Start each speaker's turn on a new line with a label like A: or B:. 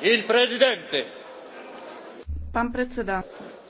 A: Il
B: presidente. Pán predseda.